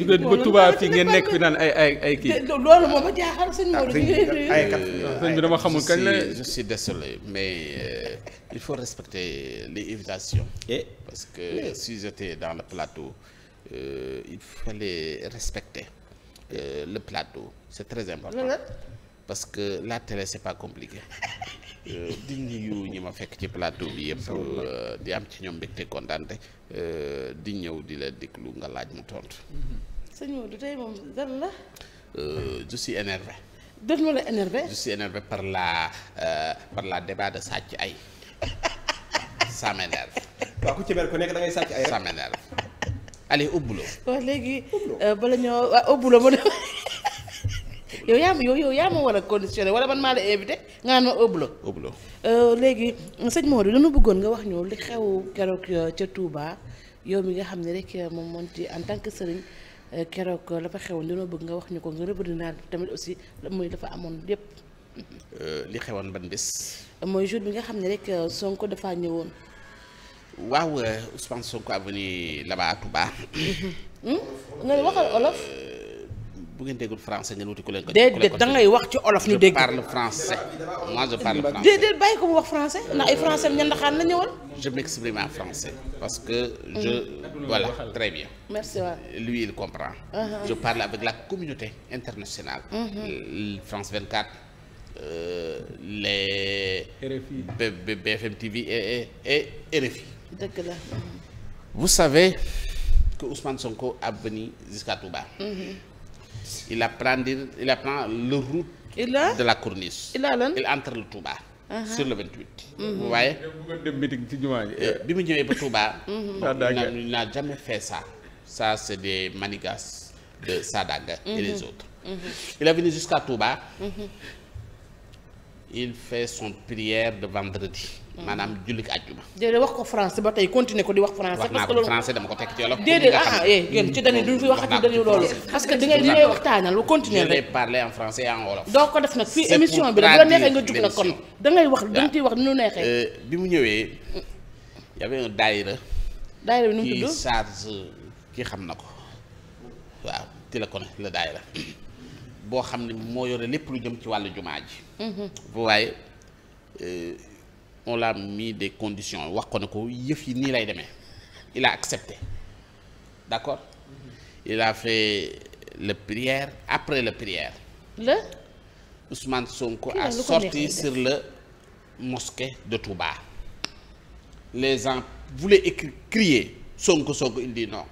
jugee ba Touba fii ngeen nekk fi naan ay ay ay kii. loolu moom a jaaxal sëñ Maodo ay kat sëñ bi dama xamul kañ la je suis désolé mais euh, il faut respecter les invitations. parce que si j'étais dans le plateau euh, il fallait respecter euh, le plateau c'est très important parce que la télé c'est pas compliqué. di nuyu ñi ma fekk ci plateau bi yëpp euh, di am ci ñoom mbégte kontaante euh, di ñëw di la déglu nga laaj mu tontu. Mm-hmm. sëñ Modou tey moom lan la. Euh, je énervé. def ma la énervé. je énervé par la par la débat sàcc ay ça m'énerve. waaw ku ci mel ku nekk da sàcc ay. ça m'énerve. allez au boulot. waaw léegi. bala ñoo waaw au boulot ma yow yaa ma war a conditionné wala man maa la invité nga naan ma au bloc. au bloc euh, léegi sëñ Maodo dañu bëggoon nga wax ñëw li xew keroog euh, ca Touba yow mi nga xam ne rek euh, moom moom ci en tant que sëriñ keroog la xewoon dañoo bëgg nga wax ñu ko nga rëbb naa tamit aussi muy dafa amoon lépp. li xewoon ban bés. mooy jour bi nga xam ne rek Sonko dafa ñëwoon. waaw Ousmane Sonko a venu là-bas à Touba. waxal olof. bu ngeen déggul français ngeen wuti ku leen ko. déedéet da ngay wax ci olof ñu dégg. je parle français moi je parle français. déedéet bàyyi ko mu wax français ndax ay français ñan ndaxaan la ñëwal. je m'exprime en français parce que mm-hmm. je. voilà très bien. lui il comprend. Uh-huh. je parle avec la communauté internationale. Mm-hmm. France 24. Euh, les. RFI B BFM TV et et, RFI. Vous savez que Ousmane Sonko a venu jusqu'à Touba. Mm -hmm. il apprend il apprend le route. il de la corniche. il a lan il entre le Touba. Uh-huh. sur le 28. waaye. Mm-hmm. Euh, bi mu jëwee ba Touba. Mm-hmm. il n'a jamais fait ça. ça c'est des manigas de Sadaga. et mm-hmm. les autres. il est venu jusqu'à Touba. il fait son prière de vendredi. maanaam mm. jullit àjjuma. déedéet wax ko france ba tey continuer ko di wax français. parce naa loolu français dama ko teg ci wolof. déedéet ah ah yéen ci dañuy duñ fi waxati dañuy loolu. parce que di ngay di ngay waxtaanal lu continuer doo ko def nag fii émission bi rek bu la neexee nga jug na kon wax da nga ciy wax nu neexee. Euh, bi mu ñëwee mm. y avait un daayira. daayira bi nu mu tudd kii charge kii xam na ko waaw ci la kon la boo xam ne moo yore lépp lu jëm ci wàllu jumaa ji. bu mm-hmm. waaye euh, on l'a mis des conditions wax ko ne ko yëf yi nii lay demee il a accepté d'accord. Mm-hmm. il a fait le prière après le prière. le. Ousmane Sonko a sorti sur le mosquée de Touba. les gens voulaient écrire crier Sonko Sonko il dit non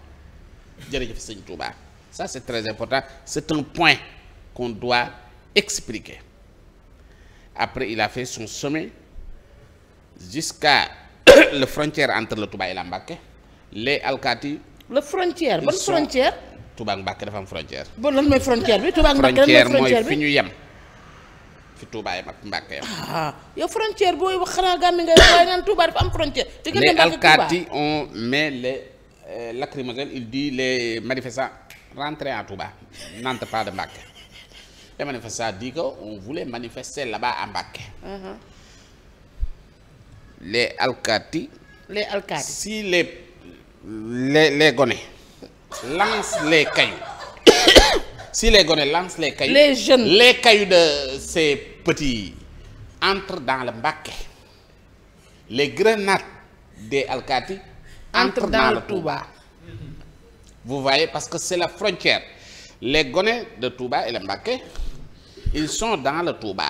jërëjëf sëñ Touba ça c'est très important c'est un point. qu'on doit expliquer. Après, il a fait son sommet jusqu'à la frontière entre le Touba et la Mbacké les alkaati. la frontière ban frontière. Touba ak Mbacké dafa am frontière. bon lan mooy frontière bi Touba ak Mbacké frontière bi frontière mooy fi ñu yem. fi Touba yem ak ah, frontière booy wax xanaa gàmmi nga waaye naan Touba dafa am frontière. te gën a les alkaati on met les euh, lacrymogènes il dit les manifestants rentrez à Touba n'entrez pas de Mbacké. Les manifestants dit qu'on voulait manifester là-bas à Mbacké. Uh -huh. Les Alkati. Les Alkati. Si les, les, les Gonais lancent les cailloux, si les Gonais lancent les cailloux, les jeunes, les cailloux de ces petits entre dans le Mbacké. Les grenades des Alkati entrent, entrent dans, le Touba. Mmh. Vous voyez, parce que c'est la frontière. Les Gonais de Touba et le Mbacké ils sont dans le Touba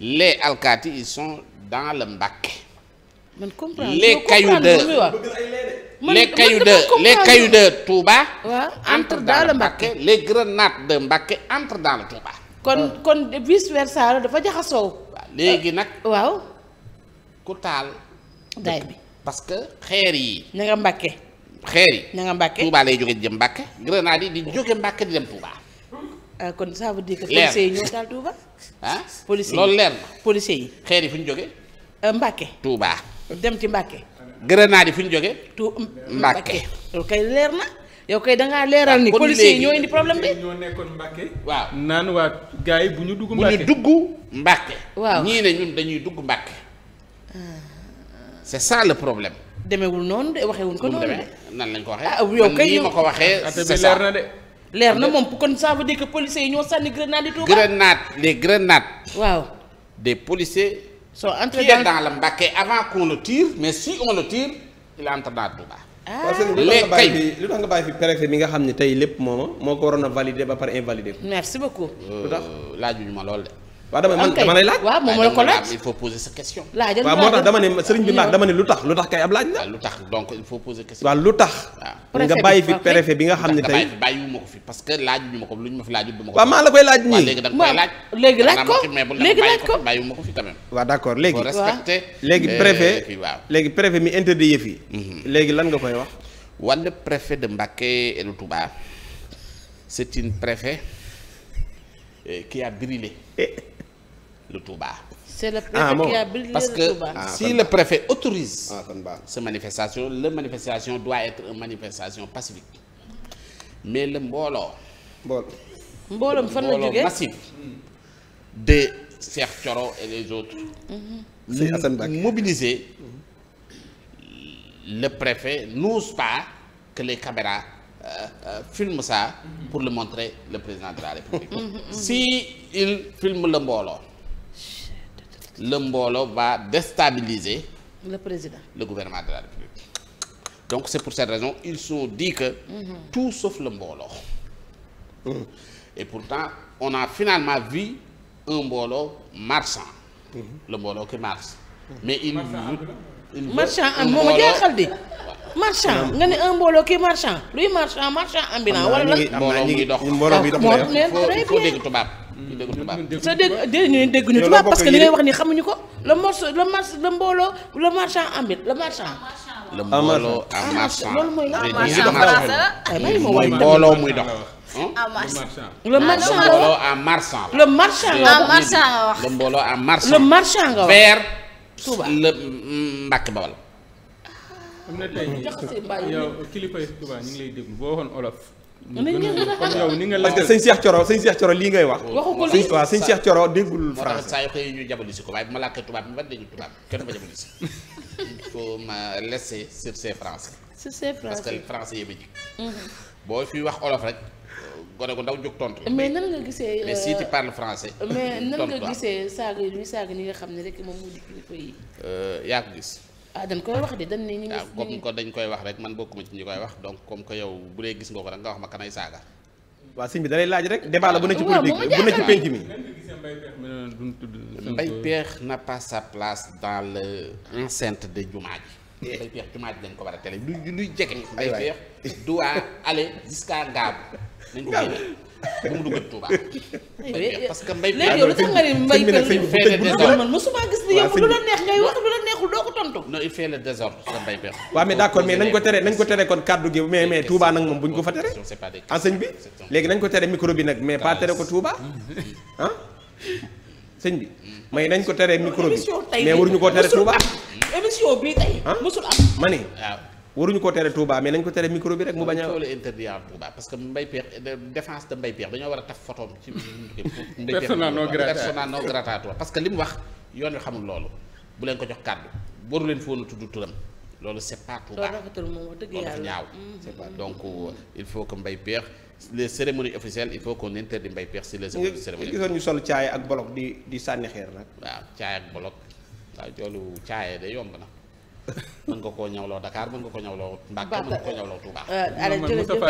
les alkaati ils sont dans le Mbacké. man comprendre les cailloux de les cailloux de les entre dans le Mbacké les grenades de Mbacké entre dans le Touba. kon kon vice versa dafa jaxasoo. léegi nag. waaw. ku taal. day bi parce que xeer yi. na nga Mbacké. xeer yi. na nga Mbacké Touba lay jóge di jëm Mbacké. grenade yi di jóge Mbacké di dem Touba. Euh, kon ça veut dire que. leer policiers yi ñoo taal Touba. yi loolu leer na. policiers yi xeer yi fu ñu jógee. Euh, Mbacke. Touba dem ci Mbacke. grenade yi fu ñu jógee. tu Mbacke. loolu kay leer na. yow kay da ngaa leeral ni policiers yi ñoo indi problème de ñoo nekkoon Mbacke. waaw naan waa gars bu ñu dugg Mbacke bu dugg Mbacke. waaw ñii ne dañuy dugg Mbacke. Ah. c'est ça le problème. demeewul noonu de waxeewuñ ko noonu nan lañ ko waxee. ah yow kay yow ma ko waxee. c'est ça leer na de. leer na moom kon ça veut dire que policiers yi ñoo sànni grenade yi Touba. grenade les grenades. waaw des policiers. sont entrés dans, dans le Mbacké avant qu'on le tire mais si on le tire il entre dans Touba. ah lu tax nga bàyyi fi préfet mi nga xam ne tey lépp mooma moo ko waroon a valider ba pare invalider ko. merci beaucoup. lu tax euh, laajuñu ma lool de. waa dama man dama lay laaj. waaw moom la ko laaj il faut poser sa question. laajal waaw moo tax dama ne sëriñ bi mbaax dama ne lu tax lu tax kay ab laaj la. lu tax donc il faut poser question. waaw lu tax. nga bi nga xam ne tey. bàyyiwuma ko fi parce que laaj ñu ma ko lu ñu ma fi laajul du ma ko. waaw maa la koy laaj nii. waaw léegi laaj ko léegi laaj ko bàyyiwuma ko fi quand même. waaw d'accord léegi. Euh, waaw respecté léegi préfet. léegi préfet mi mhm. léegi lan nga koy wax. wala préfet de Mbacké et de Touba c'est une préfet Euh, qui a brûlé le Touba. c'est le préfet ah, parce que le Touba. Ah, si le préfet autorise ah, ce manifestation la manifestation doit être une manifestation pacifique mais le mbooloo mbooloo mbooloo fan massif de Cheikh Thioro et les autres mm-hmm. mobiliser le préfet n'ose pas que les caméras Euh, filme sa pour le montrer le président de la République mm-hmm, mm-hmm. si il filme le mbooloo le mbooloo va déstabiliser le président le gouvernement de la République donc c'est pour cette raison ils sont dit que mm-hmm. tout sauf le mbooloo et pourtant on a finalement vu un mbooloo marchand le mbooloo qui marche mais il marchand am moo ma jaaxal marchand nga ne un mbooloo kii marchand luy marchand marchand ambulant wala la mbooloo muy dox mbooloo muy dox ah, foo dégg tubaab sa dégg dégg ñu dégg ñu tubaab parce que li ngay wax ni xamuñu ko le morceau le marche le mbooloo le marchand ambulant le marchand le mbooloo en ah, marchand loolu mooy la ah, mbooloo muy dox en marchand le marchand en marchand le marchand en marchand le mbooloo en marchand le marchand vers le Mbàkke Bawal am na tey yow kilifa yi Touba ñu ngi lay déglu boo waxoon olof. parce que sëñ Cheikh Thioro sëñ Cheikh Thioro lii ngay wax. waxu ko lii waaw sëñ Cheikh Thioro déggul français. saa yu xëy ñu jabali si ko waaye bu ma làkkee tubaab bi ma dégg tubaab kenn ma jabali si. il faut ma laisser sur ces français. sur ces français parce que français mhm. boo fi wax olof rek. gone gu ndaw jóg tontu. mais nan nga gisee. mais si tu parles français. Euh, mais nan nga gisee saaga yi ñuy saaga ñi nga xam ne rek moom moo di kilifa yi. Euh, yaa ko gis. ah dañ koy wax de dañ ne ñu ngi. waaw comme dañ koy wax rek man bokk ma ci ñu koy wax donc comme que yow bu dee gis nga ko rek nga wax ma kanay saaga. waaw sëñ bi da laaj rek débat la bu ne ci politique bu ne ci penc mi. Mbaye Pekh n'a pas sa place dans le enceinte de jumaa ji. Mbaye Pekh jumaa ji dañ ko war a télé luy luy jege. Mbaye Pekh doit aller jusqu'à Ngaabu. nañ ko bu mu dugg Touba. parce que mbay. léegi yow lu tax nga mbay pexe man mosuma gis ni yow lu la neex ngay wax lu la neexul doo ko tontu. non il fait d'accord mais nañ ko tere nañ ko tere kon kaddu gi mais mais Touba nag moom buñ ko fa tere. enseigne ah, bi léegi nañ ko tere micro bi nag mais pas tere ko Touba ah sëñ bi hmm. may nañ ko tere micro bi mais waruñu koo tere Touba émission bi tey ah? mosul am ma waruñu ko tere Touba mais nañ ko tere micro bi rek mu bañ a. loolu interdit à Touba parce que Mbaye Pekh défense de Mbaye Pekh dañoo war a taf photoom ci. persona non grata persona non parce que li mu wax yoon wi xamul loolu bu leen ko jox kàddu waru leen foon a tudd turam loolu c'est pas Touba loolu dafa ñaaw mm-hmm. euh, il faut que mbay Pekh les cérémonies officielles il faut qu'on interdit Mbaye Pekh si les cérémonies gisoon ñu sol caay ak bolok di di sànni xeer nag waaw caay ak bolok waaw loolu caay de na mën nga koo ñawloo Dakar mën nga ko ñawloo Mbàkke mën nga ko ñawloo Touba. Euh,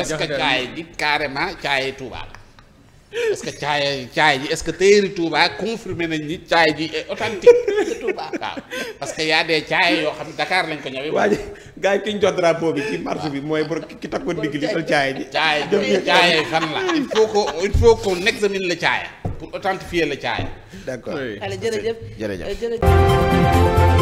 est-ce que caay ji carrément caay Touba la. est-ce que caay caay ji est-ce que téeri Touba confirmé nañ ni caay ji est authentique Touba waaw parce que y a des caay yoo xam ne Dakar lañ ko ñëwee. waa ji gars yi ki ñu jox drapeau bi ci marché bi mooy pour ki takkoon digg li sol caay ji. caay ji caay fan la il faut que il faut qu'on examine le caay pour authentifier le caay. d'accord jërëjëf jërëjëf. Euh,